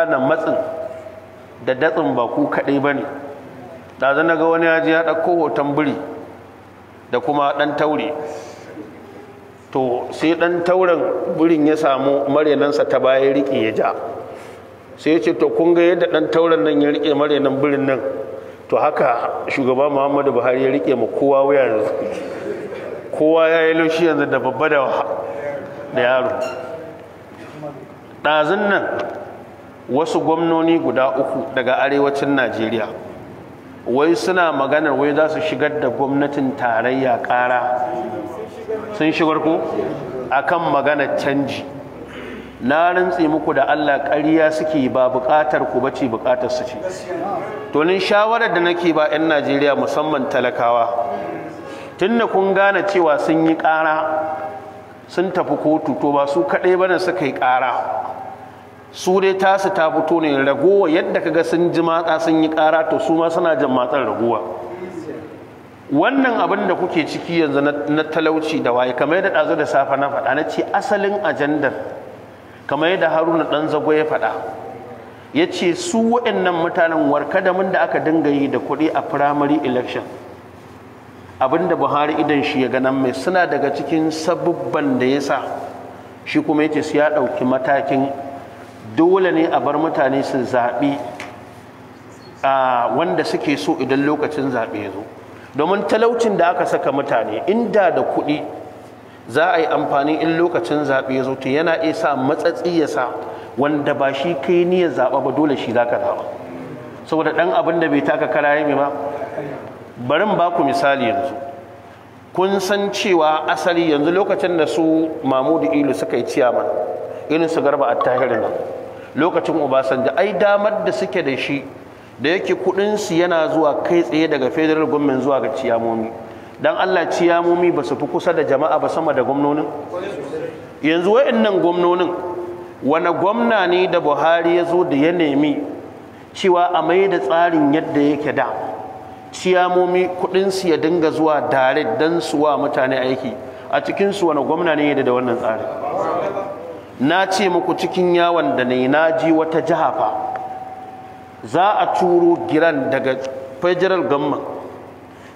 wannan matsin da datsin ba ku kaɗai ba ne ɗazu na ga wani ya ji ya ɗauko hoton biri da kuma ɗan taure to sai ɗan tauren birin ya samu marenansa ta baya riƙe ya ja sai ce to kun ga yadda ɗan tauren nan ya riƙe marenan birin nan to haka shugaba muhammadu buhari ya riƙe ma kowa wuya yanzu kowa ya yi laushi yanzu da babba da yaro ɗazun nan wasu gwamnoni guda uku daga arewacin najeriya wai suna maganar wai za su shigar da gwamnatin tarayya kara sun shigar A akan maganar canji na rantse muku da Allah ƙarya suke ba bukatar ku bace buƙatar su ce to shawarar da nake ba 'yan Najeriya musamman talakawa Tun tunda kun gane cewa sun yi ƙara sun tafi kotu to ba su kaɗai bane suka yi ƙara su dai tasu ta fito ne ragowa yadda kaga sun ji matsa sun yi kara to su ma suna jin matsan ragowa wannan abin da kuke ciki yanzu na talauci da waye kamar yadda ɗazu da safa na fada na ce asalin ajandar kamar yadda haruna ɗan zago ya faɗa ya ce su waɗannan mutanen warka da da aka dinga yi da kuɗi a primary election da buhari idan shi ya ganan mai suna daga cikin sabubban da ya sa shi kuma ya ce su ya ɗauki matakin dole ne a bar mutane su zaɓi a wanda suke so idan lokacin zaɓe ya zo domin talaucin da aka saka mutane inda da kuɗi za a yi amfani in lokacin zaɓe ya zo ta yana iya sa matsatsi ya sa wanda ba shi kai niyyar zaɓa ba dole shi za ka zaɓa saboda ɗan abin da bai taka kara ya ba barin ba ku misali yanzu kun san cewa asali yanzu lokacin da su mamudu ilu suka yi ciyama irin su garba a tahirin nan lokacin obasanjo ai damar da suke da shi da yake kudinsu yana zuwa kai tsaye daga federal government zuwa ga ciyamomi don allah ciyamomi ba su fi kusa da jama'a ba sama da gwamnonin yanzu wa'annan gwamnonin wani gwamna ne da buhari ya zo da ya nemi cewa a mai da tsarin yadda yake da ciyamomi kudinsu ya dinga zuwa dare don su wa mutane aiki a cikinsu wani gwamna ne da wannan tsarin na ce muku cikin yawon da na na ji wata jiha fa za a turo giran daga federal gamman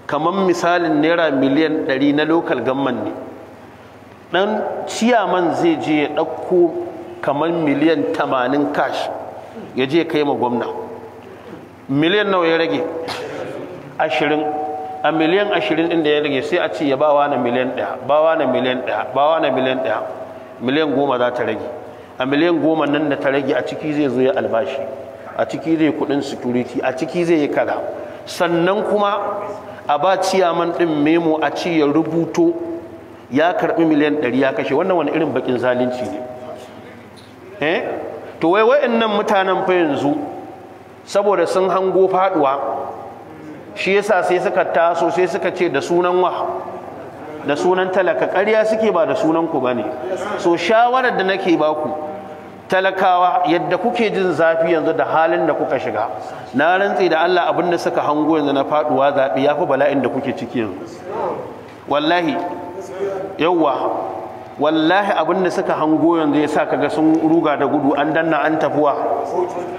kamar misalin naira miliyan 100 na local gamman ne dan ciyaman zai je ya ɗauko kamar miliyan 80 cash ya je kai ma gwamna miliyan nawa ya rage 20 a miliyan 20 ɗin da ya rage sai a ce ya wa na miliyan 1 wa na miliyan 1 wa na miliyan 1 miliyan goma za ta rage a miliyan goma nan da ta rage a ciki zai zo ya albashi a ciki zai kudin security a ciki zai yi kada sannan kuma a ba ciyaman din memo a ci ya rubuto ya karbi miliyan 100 ya kashe wannan wani irin bakin zalunci ne eh? to wai wayannan mutanen fa yanzu saboda sun hango faduwa shi yasa sai suka taso sai suka ce da sunan wa da sunan talaka ƙarya suke ba da sunan ku bane so shawarar da nake baku talakawa yadda kuke jin zafi yanzu da halin da kuka shiga na rantsi da Allah abin da suka hango yanzu na faduwa zabi fi bala'in da kuke ciki yanzu wallahi yawwa wallahi abin da suka hango yanzu ya sa kaga sun ruga da gudu an danna an tafuwa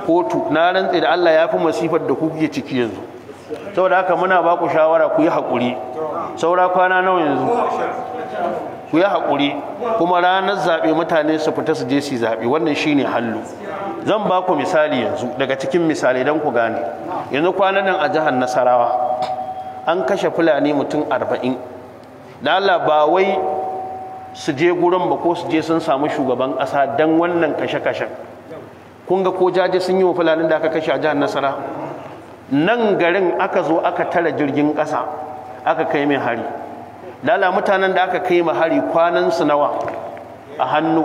kotu na rantsi da Allah ya fi masifar da kuke ciki yanzu saboda haka muna ba ku shawara ku yi haƙuri saura kwana nawa yanzu ku yi haƙuri kuma ranar zaɓe mutane su fita su je su zaɓe wannan shine hallu zan ba ku misali yanzu daga cikin misali don ku gane yanzu kwanan nan a jihar nasarawa an kashe fulani mutum arba'in da Allah ba wai su je gurin ba ko su je sun samu shugaban ƙasa don wannan kashe-kashen kun ga ko jaje sun yi wa fulani da aka kashe a jihar nasara nan garin aka zo aka tara jirgin ƙasa aka kai min hari lala mutanen da aka kai hari kwanan su nawa a hannu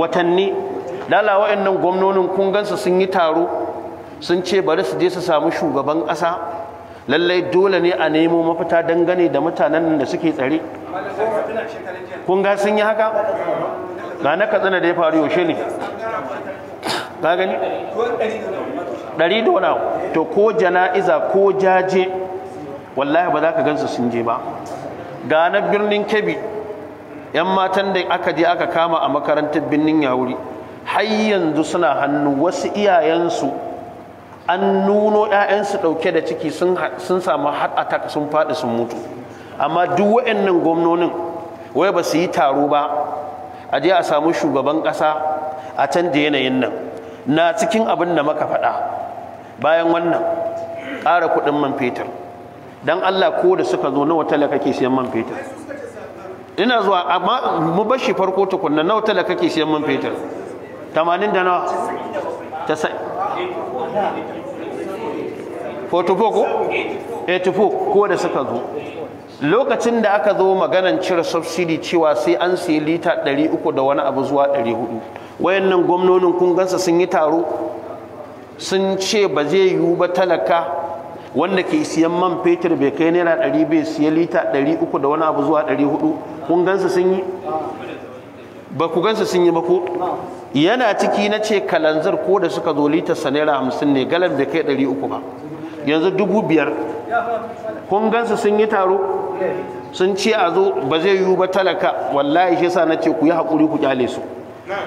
watanni lala wa'annan gwamnonin kun gansu sun yi taro sun ce bari su je su samu shugaban ƙasa lallai dole ne a nemo mafita dangane da mutanen da suke tsare kun sun yi haka ga na katsina da ya faru yaushe ne ka gani ɗari da wani to ko jana'iza ko jaje wallahi ba za ka gansu sun je ba ga na birnin kebi yan matan da aka je aka kama a makarantar birnin yawuri har yanzu suna hannu wasu iyayensu an nuno 'ya'yansu ɗauke da ciki sun samu har attack sun faɗi sun mutu amma duk waɗannan gwamnonin wai ba su yi taro ba a je a samu shugaban ƙasa a canza yanayin nan na cikin abin da maka faɗa bayan wannan ƙara kuɗin man fetur dan Allah ko da suka zo nawa talaka ke siyan man fetur ina zuwa amma mu bashi farko tukunna nawa talaka ke siyan man fetur 80 da nawa 44 ko 84 ko da suka zo lokacin da aka zo maganan cire subsidi cewa sai an sayi lita 300 da wani abu zuwa 400 wayannan gwamnonin kun gansa sun yi taro sun ce ba zai yiwu ba talaka wanda ke siyan man fetur bai kai naira ɗari bai siya lita ɗari uku da wani abu zuwa ɗari hudu kun gansu sun yi ba ku gansu sun yi ba ku yana ciki na ce kalanzar ko da suka zo litar sa naira hamsin ne galan da kai ɗari uku ba yanzu dubu biyar kun gansu sun yi taro sun ce a zo ba zai yiwu ba talaka wallahi shi sa na ce ku yi haƙuri ku kyale su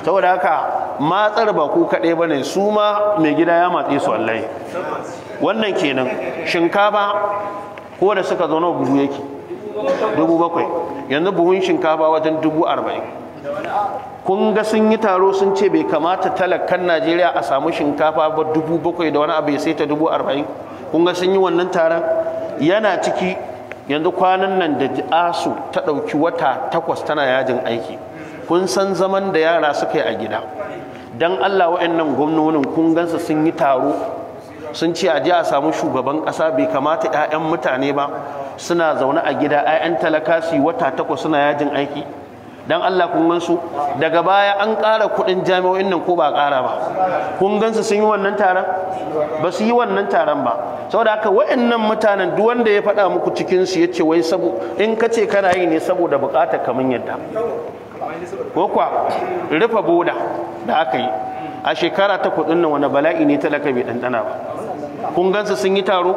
saboda haka matsar ba ku kaɗai ba ne su ma mai gida ya matse su wallahi wannan kenan shinkafa ko da suka zo nawa buhu yake dubu bakwai yanzu buhun shinkafa wajen dubu arba'in kun ga sun yi taro sun ce bai kamata talakan najeriya a samu shinkafa ba dubu bakwai da wani abu ya sai ta dubu arba'in kun ga sun yi wannan taron yana ciki yanzu kwanan nan da asu ta ɗauki wata takwas tana yajin aiki kun san zaman da yara suka yi a gida don allah wa'annan gwamnonin kun gansa sun yi taro sun ce a ji a samu shugaban kasa bai kamata 'ya'yan mutane ba suna zaune a gida 'ya'yan talaka su wata takwas suna yajin aiki Don Allah kun gansu daga baya an ƙara kuɗin jami'o'in nan ko ba ƙara ba kun gansu sun yi wannan taron ba su yi wannan taron ba saboda haka wa'annan mutanen duk ya faɗa muku cikin su yace wai sabo in ka ce kana yi ne saboda bukata kamar yadda ko kwa rufe boda da aka yi a shekara ta kuɗin nan wani bala'i ne talaka bai ɗanɗana ba kun gansu sun yi taro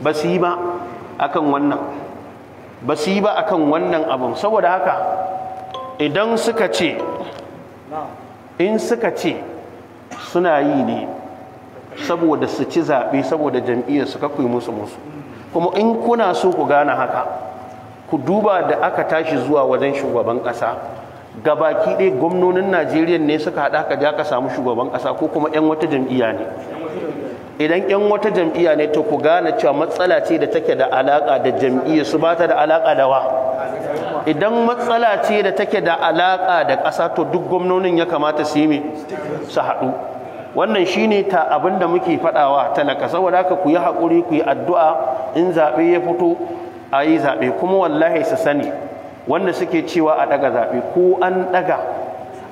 ba su yi ba akan wannan ba su yi ba kan wannan abin saboda haka idan suka ce in suka ce suna yi ne saboda su ci zaɓe saboda jam'iyyar su kakwai musu musu kuma in kuna so ku gane haka ku duba da aka tashi zuwa wajen shugaban ƙasa ga baki ɗaya gwamnonin najeriya ne suka haɗa ka ja ka samu shugaban ƙasa ko kuma 'yan wata jam'iyya ne idan yan wata jam'iyya ne to ku gane cewa matsala ce da take da alaka da jam'iyya su ba ta da alaka da wa idan matsala ce da take da alaka da ƙasa to duk gwamnonin ya kamata su yi su haɗu wannan shi ne ta abin da muke faɗawa talaka saboda haka ku yi haƙuri ku yi addu'a in zaɓe ya fito a yi zaɓe kuma wallahi su sani wanda suke cewa a ɗaga zaɓe ko an ɗaga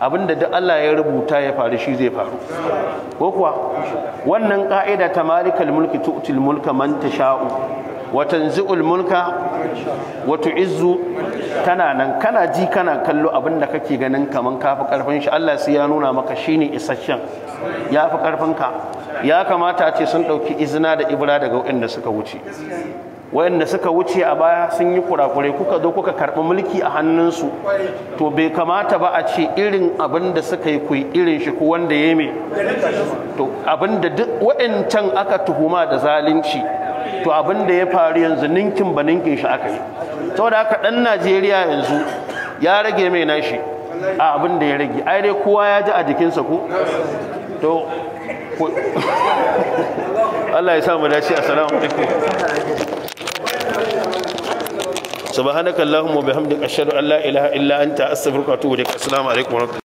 abinda duk Allah ya rubuta ya faru shi zai faru ko kuwa wannan ka'ida ta malikal mulki tu'til mulka man tasha'u wa tanzi'ul mulka wa tu'izzu tana nan kana ji kana kallo abinda kake ganin kaman kafi karfin shi Allah sai ya nuna maka shine isasshen ya fi karfin ka ya kamata a ce sun dauki izina da ibra daga waɗanda suka wuce wayanda suka wuce a baya sun yi kurakure kuka zo kuka karɓi mulki a hannunsu to bai kamata ba a ce irin abin da suka yi ku irin shi ko wanda ya yi to abin da duk wayancan aka tuhuma da zalunci to abin da ya faru yanzu ninkin ba ninkin shi aka yi saboda haka dan Najeriya yanzu ya rage mai nashi a abin da ya rage ai dai kowa ya ji a jikinsa ko to Allah ya sa mu dace assalamu alaikum subhanakallahumma wa bihamdika ashhadu an la ilaha illa anta astaghfiruka wa atubu ilaik assalamu alaikum